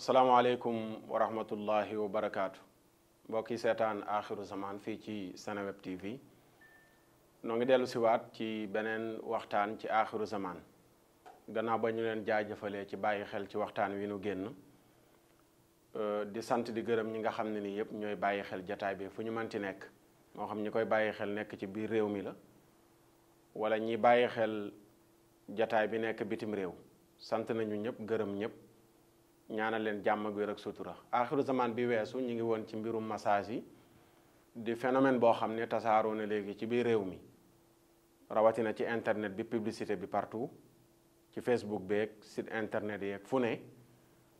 asalaamaaleykum wa rahmatullahi wa barakaatu mbokki seetaan axiru zaman fii ci Seneweb TV noo ngi dellu siwaat ci beneen waxtaan ci axiru zaman gannaaw ba ñu leen jaajëfalee ci bàyyi xel ci waxtaan wi nu génn euh, di sant di gërëm ñi nga xam ne ni yëpp ñooy bàyyi xel jataay bi fu ñu mënti nekk moo xam ñi koy bàyyi xel nekk ci biir réew mi la wala ñi bàyyi xel jataay bi nekk bitim réew sant nañu ñëpp gërëm ñëpp ñaana leen jàmm ak wér ak sutura aaxiru zaman bi weesu ñu ngi woon ci mbirum massage yi di phénomène boo xam ne tasaaroo na léegi ci biir réew mi rawatina ci internet bi publicité bi partout ci facebook beeg site internet yeeg fu ne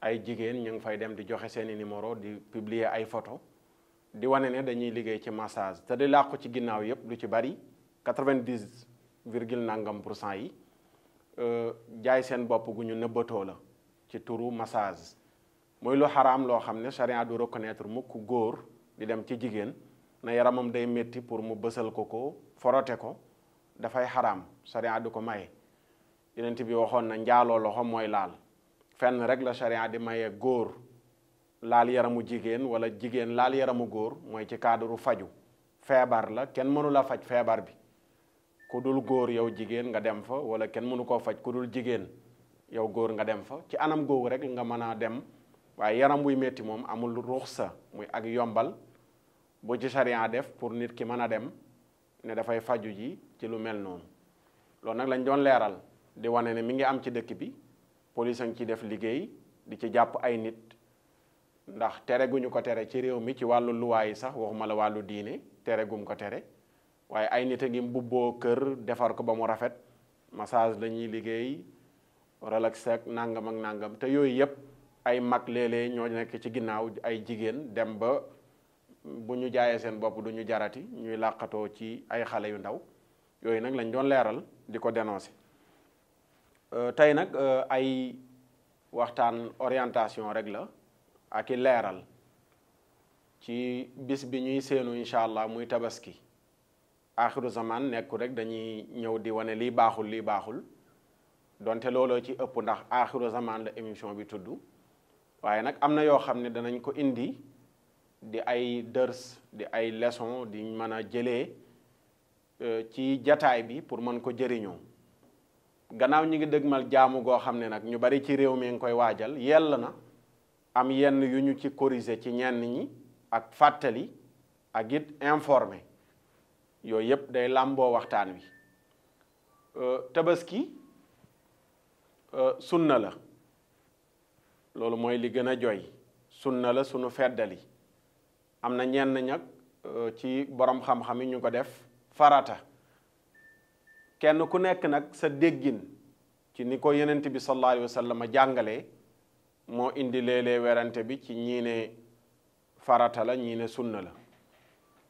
ay jigéen ñu ngi fay dem di joxe seeni numéro di publier ay photo di wane ne dañuy liggéey ci massage te di làqu ci ginnaaw yépp lu ci bari 90 virgule nangam pour cent yi euh, jaay seen bopp gu ñu nëbbatoo la ci turu massage muy lu xaram loo xam ne charia du reconnaître mukk góor di dem ci jigéen na yaramam day métti pour mu bësal ko ko forote ko dafay xaraam charia du ko maye yonent bi waxoon na njaaloo loxo mooy laal fenn rek la charia di maye góor laal yaramu jigéen wala jigéen laal yaramu góor mooy ci cadre faju feebar la kenn mënula faj feebar bi ku dul góor yow jigéen nga dem fa wala kenn mënu koo faj ku dul jigéen yow góor nga dem fa ci anam googu rek nga mën a dem waaye yaram wuy metti moom amul ruxsa muy ak yombal bu ci charia def pour nit ki mën a dem ne dafay faju ji ci lu mel noonu loolu nag lañ doon leeral di wane ne mi ngi am ci dëkk bi police a ngi ci def liggéey di ci jàpp ay nit ndax tere gu ñu ko tere ci réew mi ci wàllu luwaa yi sax waxuma la wàllu diine tere gum ko tere waaye ay nit a ngi mbubboo kër defar ko ba mu rafet massage lañuy liggéey relaxé ak nangam ak nangam te yooyu yëpp ay mag léeg ñoo nekk ci ginnaaw ay jigéen dem ba bu ñu jaayee seen bopp du ñu jarati ñuy làqatoo ci ay xale yu ndaw yooyu nag lañ doon leeral di ko dénoncer euh, tey nag euh, ay waxtaan orientation rek la ak i leeral ci bis bi ñuy séenu incha allah muy tabaski axiru zaman nekku rek dañuy ñëw di wane lii baaxul lii baaxul donte looloo ci ëpp ndax aaxiru zaman la émission bi tudd waaye nag am na yoo xam ne danañ ko indi di ay dërs di ay leçon di mën a jëlee euh, ci jataay bi pour mën ko jëriñoo gannaaw ñi ngi dëgmal jaamu goo xam ne nag ñu bari ci réew mi ngi koy waajal yell na am yenn yu ñu ci corriger ci ñenn ñi ak fàttali ak it informé yooyu yépp day làmboo waxtaan wi euh, tabaski Euh, sunna la loolu mooy li gën a joy sunna la sunu feddali am na ñenn ñag euh, ci boroom xam-xam yi ñu ko def farata kenn ku nekk nag sa déggin ci ni ko yenent bi sallallahu alayhi wa sallam jàngalee moo indi léeg-léeg werante bi ci ñii farata la ñii ne sunna la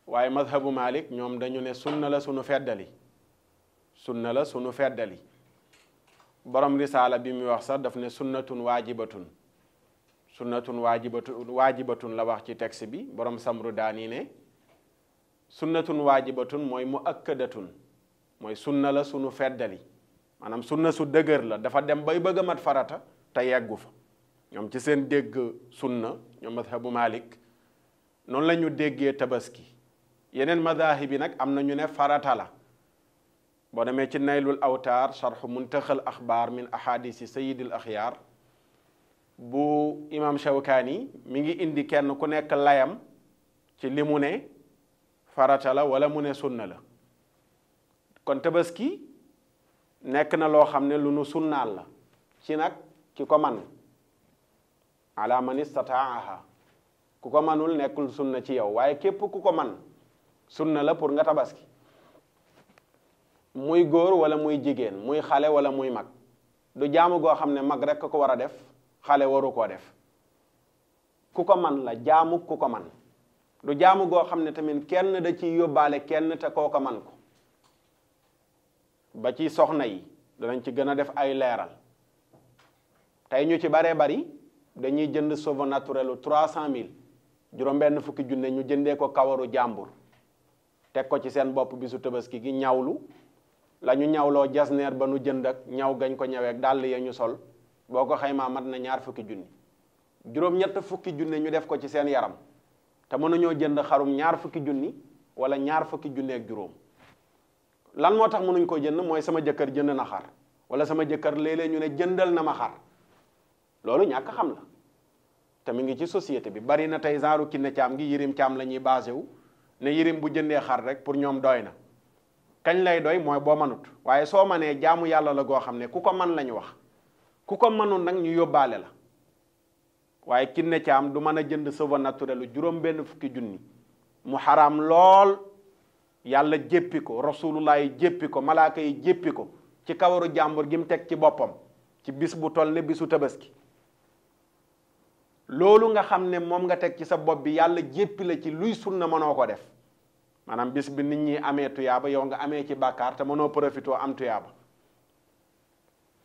waaye madhabu malik ñoom dañu ne sunna la sunu feddali sunna la sunu feddali borom risaala bi muy wax sax daf ne sunnatun waajibatun sunnatun waajibatun waajibatun la wax ci texte bi borom samru daani ne sunnatun waajibatun mooy mu akkadatun mooy sunna la sunu feddali maanaam sunna su dëgër la dafa dem bay bëgg a mat farata te yeggu fa ñoom ci seen dégg sunna ñoom madhabu malik noonu la ñu déggee tabaski yeneen madahib yi nag am na ñu ne farata la boo demee ci naylul awtaar sharxu muntaxal axbaar min ahadisi sayidil axyaar bu imam shawkaani mu ngi indi kenn ku nekk layam ci li mu ne farata la wala mu ne sunna la kon tabaski nekk na loo xam ne lu nu sunnaal la ci nag ki ko man ala man istataaha ku ko manul nekkul sunna ci yow waaye képp ku ko man sunna la pour nga tabaski muy góor wala muy jigéen muy xale wala muy mag du jaamu goo xam ne mag rekk a ko war a def xale waru koo def ku ko man la jaamu ku ko man du jaamu goo xam ne tamit kenn da ciy yóbbaale kenn te koo ko man ko ba ci soxna yi danañ ci gën a def ay leeral tey ñu ci baree bari dañuy jënd cheveux naturel u trois cent mille juróom-benn fukki junne ñu jëndee ko kawaru jàmbur teg ko ci seen bopp bisu tabaski gi ñawlu la ñu ñawloo neer ba nu jënd ak ñaw gañ ko ñawee ak dàll ya ñu sol boo ko xaymaa mat na ñaar fukki junni juróom-ñett fukki junni ñu def ko ci seen yaram te mënuñoo jënd xarum ñaar fukki junni wala ñaar fukki junni ak juróom lan moo tax mënuñ ko jënd mooy sama jëkkër jënd na xar wala sama jëkkër léeg-léeg ñu ne jëndal na ma xar loolu ñàkk xam la te mi ngi ci societé bi bari na tey genre kinne caam gi yirim caam la ñuy basé wu ne yirim bu jëndee xar rek pour ñoom doy na kañ lay doy mooy boo manut waaye soo manee jaamu yàlla la goo xam ne ku ko man lañu wax ku ko mënoon nag ñu yóbbaale la waaye ki ne caam du mën a jënd sava naturel juróom benn fukki junni mu xaraam lool yàlla jéppi ko rasulullah yi jéppi ko malaaka yi jéppi ko ci kawaru jàmbur gi mu teg ci boppam ci bis bu toll ne bisu tabaski loolu nga xam ne moom nga teg ci sa bopp bi yàlla jéppi la ci luy na mënoo ko def maanaam bis bi nit ñi amee tuyaaba yow nga amee ci bàkkaar te mënoo profité am tuyaaba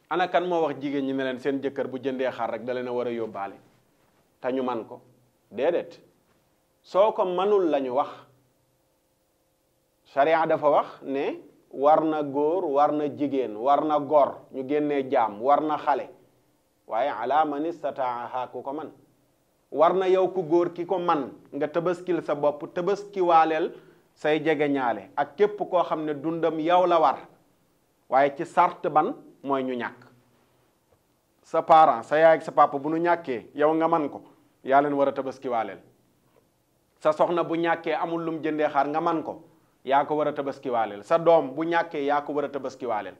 ana kan moo wax jigéen ñi ne leen seen jëkkër bu jëndee xar rek da leen war a yóbbaale te man ko déedéet soo ko manul lañu wax sariya dafa wax ne war na góor war na jigéen war na gor ñu génnee jaam war na xale waaye ala man istataaha ku ko man war na yow ku góor ki ko man nga tëbaskil sa bopp tëbaskiwaaleel say jege ñaale ak képp koo xam ne dundam yow la war waaye ci sart ban mooy ñu ñàkk sa parent sa yaay sa papa bu nu ñàkkee yow nga man ko yaa leen war a tabaskiwaaleel sa soxna bu ñàkkee amul lum jëndee xaar nga man ko yaa ko war a tabaskiwaaleel sa doom bu ñàkkee yaa ko war a tabaskiwaaleel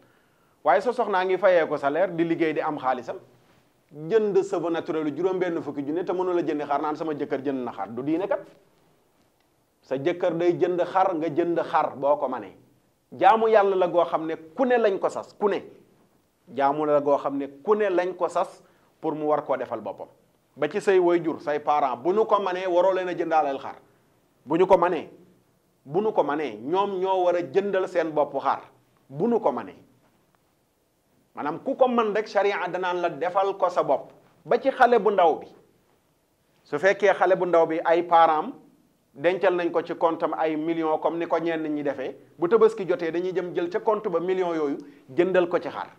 waaye sa soxnaa ngi fayee ko salaire di liggéey di am xaalisam jënd sa ba naturel juróom-benn fukki ne te mënu la jëndi xaar naan sama jëkkër jënd na xaar du diine kat sa jëkkër day jënd xar nga jënd xar boo ko manee jaamu yàlla la goo xam ne ku ne lañ ko sas ku ne jaamu la goo xam ne ku ne lañ ko sas pour mu war koo defal boppam ba ci say jur say parents bu nu ko manee waroo leen a jëndaaleel xar bu ñu ko manee bu nu ko manee ñoom ñoo war a jëndal seen bopp xar bu nu ko manee maanaam ku ko man rek sharia danaan la defal ko sa bopp ba ci xale bu ndaw bi su fekkee xale bu ndaw bi ay parents dencal nañ ko ci compte am ay millions comme ni ko ñenn ñi defee bu tabaski jotee dañuy jëm jël ca compte ba millions yooyu jëndal ko ci xar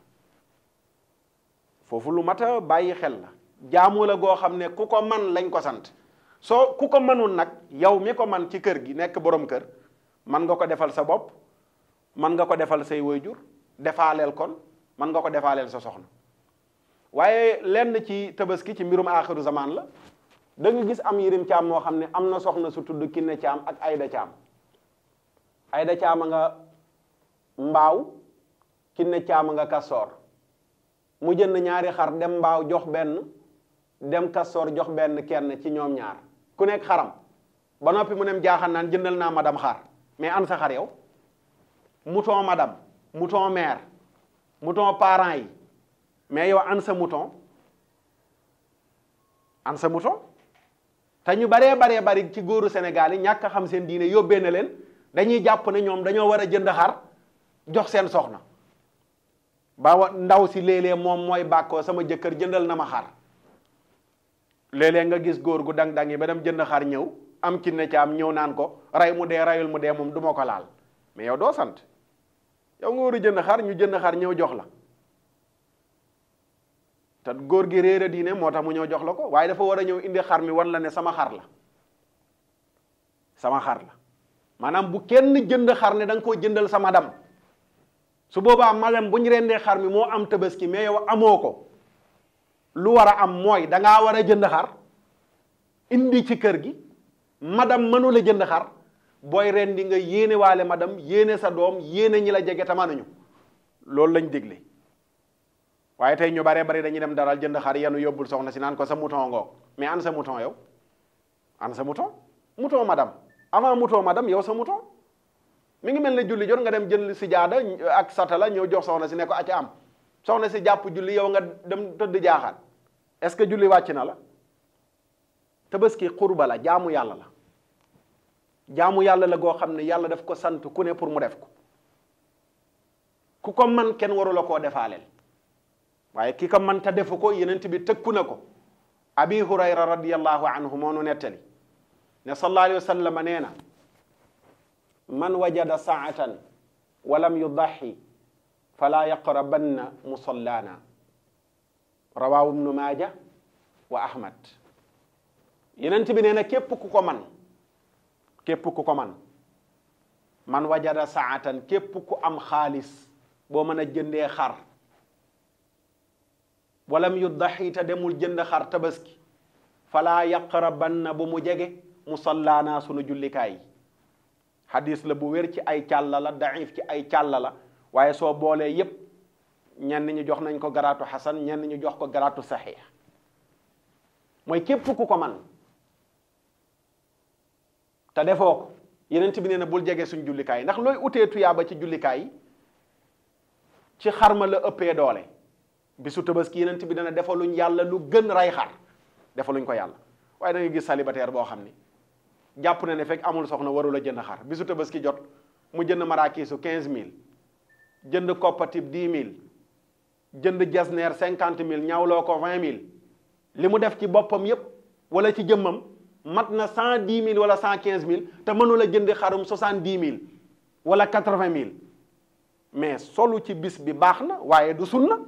foofu lu mat bàyyi xel na jaamu la goo xam ne ku ko man lañ ko sant soo ku ko mënul nag yow mi ko man ci kër gi nekk boroom kër man nga ko defal sa bopp man nga ko defal say waajur defaaleel kon man nga ko defaaleel sa soxna waaye lenn ci tabaski ci mbirum aaxiru zamaan la da gis am yirim caam moo xam ne am na soxna su tudd kinne caam ak ayda caam ayda caam a nga mbaaw kinne caam a nga kastoor mu jënd ñaari xar dem mbaaw jox benn dem kastoor jox benn kenn ci ñoom ñaar ku nekk xaram ba noppi mu nem jaaxal naan jëndal naa madam xar mais an sa xar yow muton madame muton mère mouton parent yi mais yow an sa mouton an sa mouton te ñu baree baree bari ci góoru Sénégal yi ñàkk a xam seen diine yóbbee na leen dañuy jàpp ne ñoom dañoo war a jënd xar jox seen soxna ba ndaw si léeg moom mooy bàkkoo sama jëkkër jëndal na ma xar léeg nga gis góor gu dang-dang yi ba dem jënd xar ñëw am ci ne am ñëw naan ko rey mu dee reyul mu dee moom du ma ko laal mais yow doo sant yow nga war a jënd xar ñu jënd xar ñëw jox la te góor gi réer a diine moo tax mu ñëw jox la ko waaye dafa war a ñëw indi xar mi wan la ne sama xar la sama xar la maanaam bu kenn jënd xar ne danga nga koo jëndal sama dam su boobaa madam bu ñu rendee xar mi moo am tabaski mais yow amoo ko lu war a am mooy da war a jënd xar indi ci kër gi madam mënu la jënd xar booy rendi nga yéene waale madam yéene sa doom yéene ñi la jege tamaanuñu loolu lañ dégle waaye tey ñu baree bari dañuy dem daral jënd xar yenu yóbbul soxna si naan ko sa mouton ngoog mais an sa mouton yow an sa mouton mouton madame avant mouton madame yow sa mouton mi ngi mel ne julli jot nga dem jël si jaada ak satala ñëw jox soxna si ne ko acca am soxna si jàpp julli yow nga dem tëdd jaaxaat est-ce que julli wàcc na la tabaski xurba la jaamu yàlla la jaamu yàlla la goo xam ne yàlla def ko sant ku ne pour mu def ko ku ko man kenn warula koo defaaleel waaye ki ko mënta defu ko yenent bi tëkku na ko abi hurayra radiallahu anhu moo nu nettali ne sallallahu alayhi wa sallam nee na man wajada saatan wa lam yudaxi fala yaqrabanna musallaana rawawu ibnu maaja wa ahmad yenent bi nee na képp ku ko man képp ku ko man man wajada saatan képp ku am xaalis boo mën a jëndee xar walam yu daxi te demul jënd xar tabaski falaa na bu mu jege musallaanaa sunu jullikaay yi xadis la bu wér ci ay càlla la ci ay càlla la waaye soo boolee yépp ñenn ñu jox nañ ko garaatu xasan ñenn ñu jox ko garaatu saxiix mooy képp ku ko man te defoo ko yenent bi nee na bul jege suñ jullikaay yi ndax looy utee tuyaaba ci jullikaay yi ci xarma la ëppee doole bisu tabaski yenent bi dana defaluñ yàlla lu gën ray xar defaluñ ko yàlla waaye da nga gis célibataire boo xam ni jàpp na ne fekk amul soxna warul a jënd xar bisu tabaski jot mu jënd maraakiisu quinze mille jënd koppatib dix mille jënd jasneer cinquante mille ñawloo ko vingt mille li mu def ci boppam yépp wala ci jëmmam mat na cent dix mille wala cent quinze mille te mënul a jënd xarum soixante dix mille wala quatre vingt mille mais solu ci bis bi baax na waaye du sunna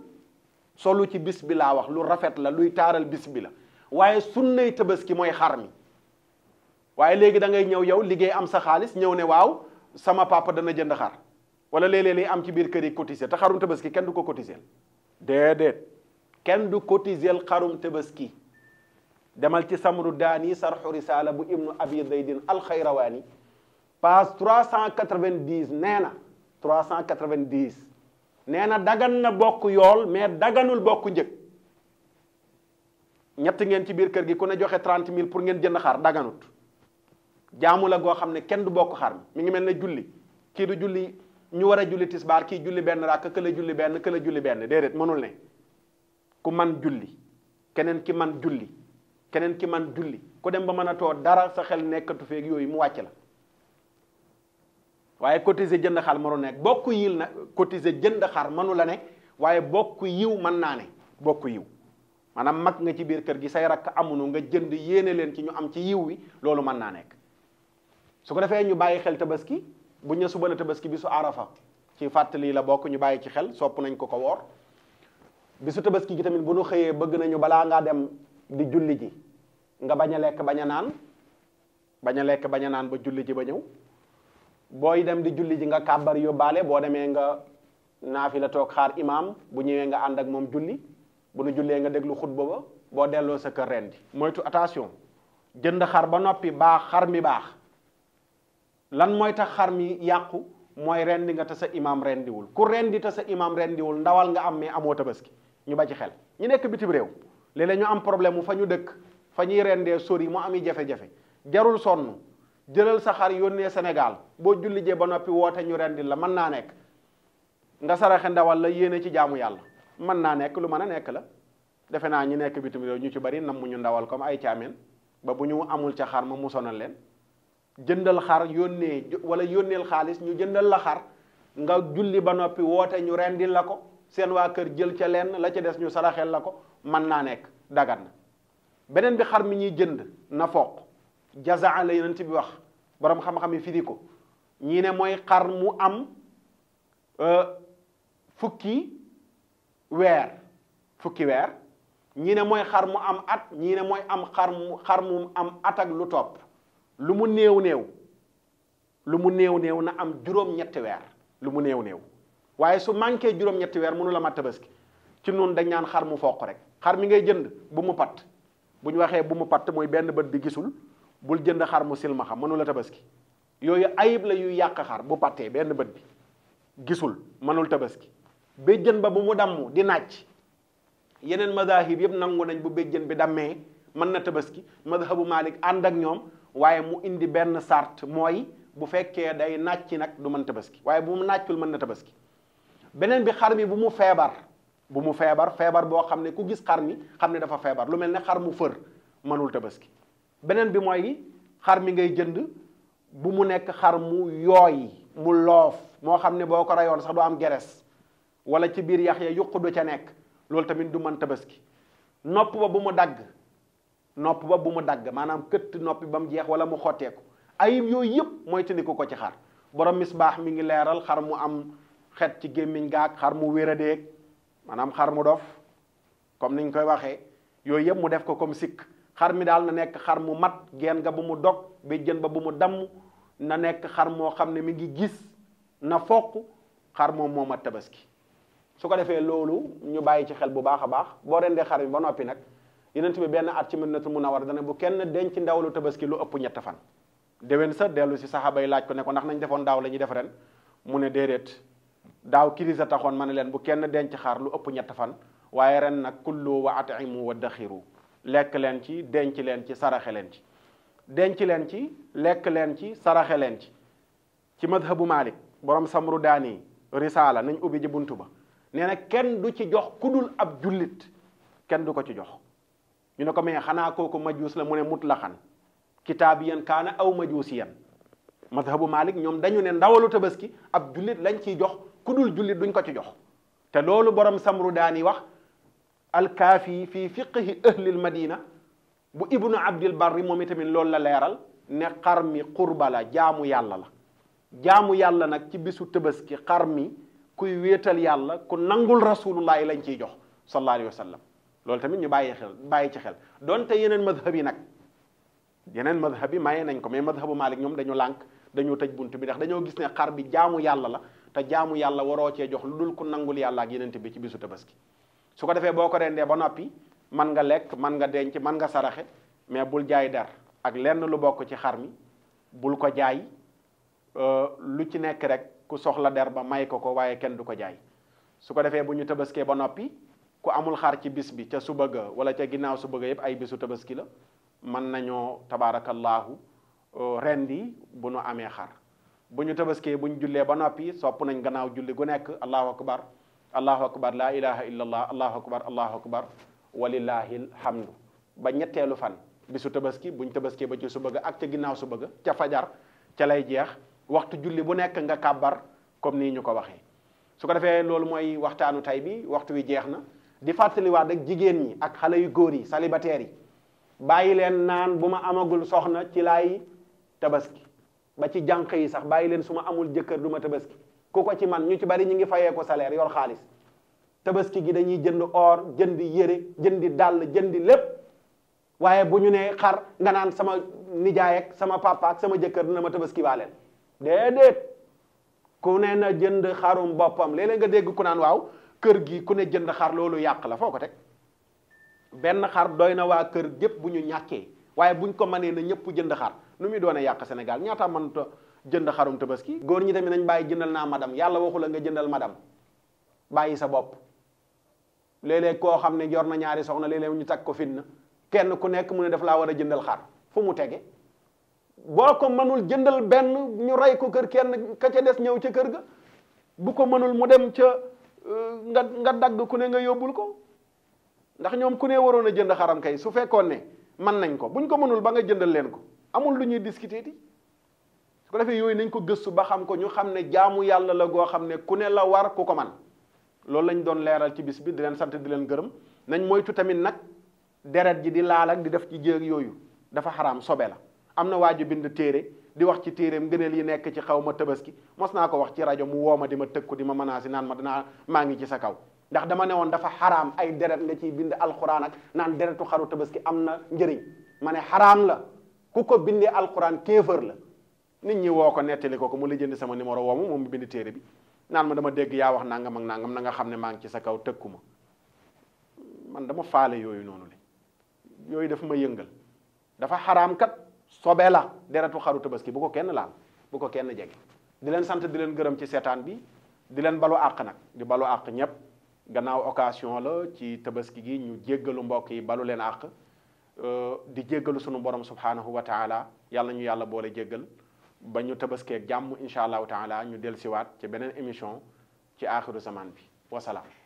solu ci bis bi laa wax lu rafet la luy taaral bis bi la waaye sunnay tabaski mooy xar mi waaye léegi da ngay ñëw yow liggéey am sa xaalis ñëw ne waaw sama papa dana jënd xar wala léeg-léeg li am ci biir kër yi cotiser ta xarum tabaski kenn du ko cotiser déedéet kenn du cotiser xarum tabaski demal ci samru daani sarxu risaala bu ibnu abi zaydin alxayrawaani page 390 nee na 390 nee na dagan na bokk yool mais daganul bokk njëg ñetti ngeen ci biir kër gi ku ne joxe trente mille pour ngeen jënd xar daganut jaamu la goo xam ne kenn du bokk xar mi ngi mel ne julli kii du julli ñu war a julli tisbaar kii julli benn rakk kële julli benn kële julli benn déedéet mënul ne ku man julli keneen ki man julli keneen ki man julli ku dem ba mën a too dara sa xel nekkatu feeg yooyu mu wàcc la waaye cotiser jënd xar mënu nekk bokk yiw na cotiser jënd xar mënu la ne waaye bokk yiw mën naa ne bokk yiw maanaam mag nga ci biir kër gi say rakk amunu nga jënd yéene leen ci ñu am ci yiw wi loolu mën naa nekk su ko defee ñu bàyyi xel tabaski bu ñu suba la tabaski su arafa ci fàttali la bokk ñu bàyyi ci xel sopp nañ ko ko bi bisu tabaski gi tamit bu nu xëyee bëgg nañu balaa ngaa dem di julli ji nga bañ a lekk bañ a naan bañ lekk bañ a naan ba julli ji ba ñëw booy dem di julli ji nga kàbbar baale boo demee nga naafila toog xaar imaam bu ñëwee nga ànd ak moom junni bu nu jullee nga déglu xutba ba boo delloo sa kër rendi moytu attention jënd xar ba noppi baax xar mi baax lan mooy tax xar mi yàqu mooy rendi nga te sa imaam rendiwul ku rendi te sa imaam rendiwul ndawal nga am mais amoo tabaski ñu ba xel ñu nekk bitim réew léeg-léeg ñu am problème mu fa ñu dëkk fa ñuy rendee sori mu ami jafe-jafe jarul sonn jëlal sa xar yónnee senegal boo julli jee ba noppi woote ñu rendi la mën naa nekk nga saraxe ndawal la yéene ci jaamu yàlla mën naa nekk lu mën a nekk la defe naa ñu nekk bitim réew ñu ci bari nam mu ñu ndawal comme ay caameen ba bu ñu amul ca xar ma mu sonal leen jëndal xar yónnee wala yónneel xaalis ñu jëndal la xar nga julli ba noppi woote ñu rendi la ko seen waa kër jël ca lenn la ca des ñu saraxel la ko mën naa nekk dagat beneen bi xar mi ñuy jënd na foq jazaa la yonent bi wax borom xam-xam yi firi ko ñii ne mooy xar mu am euh, fukki weer fukki weer ñii ne mooy xar mu am at ñii ne mooy am xar mu xar mu am at ak lu topp lu mu néew néew lu mu néew néew na am juróom-ñetti weer lu mu néew néew waaye su manqué juróom-ñetti weer mënu la mat tabaski ci noonu dañ ñaan xar mu foq rek xar mi ngay jënd bu mu patt bu ñu waxee bu mu patt mooy benn bët bi gisul bul jënd xar mu silmaxa mënula tabaski yooyu ayib la yuy yàq xar bu pattee benn bët bi gisul mënul tabaski béjjën ba bu mu damm di nàcc yeneen mazahib yëpp nangu nañ bu béjjën bi dammee mën na tabaski mazhabu Malik ànd ak ñoom waaye mu indi benn sart mooy bu fekkee day nàcc nag du mën tabaski waaye bu mu nàccul mën na tabaski beneen bi xar mi bu mu feebar bu mu feebar feebar boo xam ne ku gis xar mi xam ne dafa feebar lu mel ne xar mu fër mënul tabaski beneen bi mooy xar mi ngay jënd bu mu nekk xar mu yooy mu loof moo xam ne boo ko reyoon sax du am geres wala ci biir yax ya yuq du ca nekk loolu tamit du mën tabaski nopp ba bu mu dagg nopp ba bu mu dagg maanaam këtt noppi ba mu jeex wala mu xotteeku ayib yooyu yëpp mooy tëndiku ko ci xar borom baax mi ngi leeral xar mu am xet ci gémmiñ gaag xar mu wéradeeg maanaam xar mu dof comme niñ koy waxee yooyu yëpp mu def ko comme sikk xar mi daal na nekk xar mu mat geen nga bu mu dog bi jën ba bu mu damm na nekk xar moo xam ne mi ngi gis na foq xar moom moom mat tabaski su ko defee loolu ñu bàyyi ci xel bu baax a baax boo rendee xar mi ba noppi nag yenent bi benn at ci mën na Madinatul Munawwara dana bu kenn denc ndawlu tabaski lu ëpp ñett fan déwén sa dellu si saxaaba yi laaj ko ne ndax nañ defoon daaw la ñuy def ren mu ne déedéet daaw crise taxoon ma ne leen bu kenn denc xar lu ëpp ñett fan waaye ren nag kullu wa atimu wa daxiru lekk leen ci denc leen ci saraxe leen ci denc leen ci lekk leen ci saraxe leen ci ci madhabu Malik borom samru daani risaala nañ ubbi ji buntu ba nee na kenn du ci jox kudul ab jullit kenn du ko ci jox ñu ne ko mais xanaa kooku majuus la mu ne mut mutlaxan kitaabiyan kaana aw majuusiyan madhabu Malik ñoom dañu ne ndawalu tabaski ab jullit lañ ciy jox kudul jullit duñ ko ci jox te loolu borom samru daani wax alkaafi fii fiqhi ahlil madina bu ibnu abdil barri moom tamit loolu la leeral ne xar mi qurba la jaamu yàlla la jaamu yàlla nag ci bisu tëbaski xar mi kuy wéetal yàlla ku nangul rasulullahi lañ ciy jox sallallahu alayhi wa sallam loolu tamit ñu bàyyi xel bàyyi ci xel donte yeneen madhab yi nag yeneen madhab yi maye nañ ko mais madhabu Malik ñoom dañu lànk dañu tëj bunt bi ndax dañoo gis ne xar bi jaamu yàlla la te jaamu yàlla waroo cee jox lu dul ku nangul yàlla ak yeneen bi ci bisu tabaski su ko defee boo ko rendee ba noppi man nga lekk man nga denc man nga saraxe mais bul jaay dar ak lenn lu bokk ci xar mi bul ko jaay euh, lu ci nekk rek ku soxla der ba may ko ko waaye kenn du ko jaay su ko defee bu ñu tabaskee ba noppi ku amul xar ci bis bi ca suba ga wala ca ginnaaw suba ga yépp ay bisu tabaski la mën nañoo tabaarakallaahu euh, rendi bu nu amee xar bu ñu tabaskee bu ñu jullee ba noppi sopp nañ gannaaw julli gu nekk allahu akbar allahu akbar laa ilaha illa allah allahu akbar allahu akbar walillahi alhamdu ba ñetteelu fan bisu tabaski buñ tabaskee ba ci su bëgg ak ca ginnaaw su bëgg ca fajar ca lay jeex waxtu julli bu nekk nga kàbbar comme nii ñu ko waxee su ko defee loolu mooy waxtaanu tay bii waxtu wi jeex na di fàttaliwaat rek jigéen ñi ak xale yu góor yi salibateer yi bàyyi leen naan bu ma amagul soxna ci lay tabaski ba ci jànq yi sax bàyyi leen su ma amul jëkkër du ma tabaski ku ko ci man ñu ci bari ñu ngi fayee ko salaire yor xaalis tabaski gi dañuy jënd or jënd yére jëndi dàll jëndi lépp waaye bu ñu nee xar nga naan sama nijaay sama papa sama jëkkër dina ma tabaski baa leen déedéet ku ne na jënd xarum boppam léeg nga dégg ku naan waaw kër gi ku ne jënd xar loolu yàq la foo ko teg benn xar doy na waa kër gépp bu ñu ñàkkee waaye buñ ko mënee na ñëpp jënd xar nu muy doone yàq senegal ñaata mënta jënd xarum tabaski góor ñi tamit nañ bàyyi jëndal naa madam yàlla waxu la nga jëndal madam bàyyi sa bopp léeg koo xam ne yor na ñaari soxna léeg ñu takk ko fitna kenn ku nekk mu ne def laa war a jëndal xar fu mu tege boo ko mënul jëndal benn ñu rey ko kër kenn ka ca des ñëw ca kër ga bu ko mënul mu dem ca euh, nga nga dagg ku ne nga yóbbul ko ndax ñoom ku ne waroon a jënd xaram kay su fekkoon ne mën nañ ko buñ ko mënul ba nga jëndal leen ko amul lu ñuy discuter ti su ko defee yooyu nañ ko gëstu ba xam ko ñu xam ne jaamu yàlla la goo xam ne ku ne la war ku ko man loolu lañ doon leeral ci bis bi di leen sant di leen gërëm nañ mooy moytu tamit nag deret ji di laal di def ci jéeg yooyu dafa xaram sobe la am na waaju bind téere di wax ci téereem gëneel yi nekk ci xaw ma tabaski mos naa ko wax ci rajo mu woo ma di ma tëkku di ma menacé naan ma danaa maa ngi ci sa kaw ndax dama ne woon dafa xaram ay deret nga ciy bind alxuraan ak naan deretu xaru tabaski am na njëriñ ma ne xaraam la ku ko bindee alxuraan la nit ñi woo ko nettali ko ko mu lijjanti sama numéro woomu moom mu bind téere bi naan ma dama dégg yaa wax nangam ak nangam na xam ne maa ngi ci sa kaw tëkku ma man dama faale yooyu noonu li yooyu def ma yëngal dafa xaraam kat sobee la deretu xaru tabaski bu ko kenn laal bu ko kenn jege di leen sant di leen gërëm ci seetaan bi di leen balu àq nag di balu àq ñëpp gannaaw occasion la ci tabaski gi ñu jéggalu mbokk yi balu leen àq di jéggalu sunu borom subhanahu wa taala yàlla ñu yàlla boole jéggal ba ñu tabaskeeg jàmm incha allahu taala ñu dellusiwaat ci beneen émission ci aaxiru zaman bi wasalaam.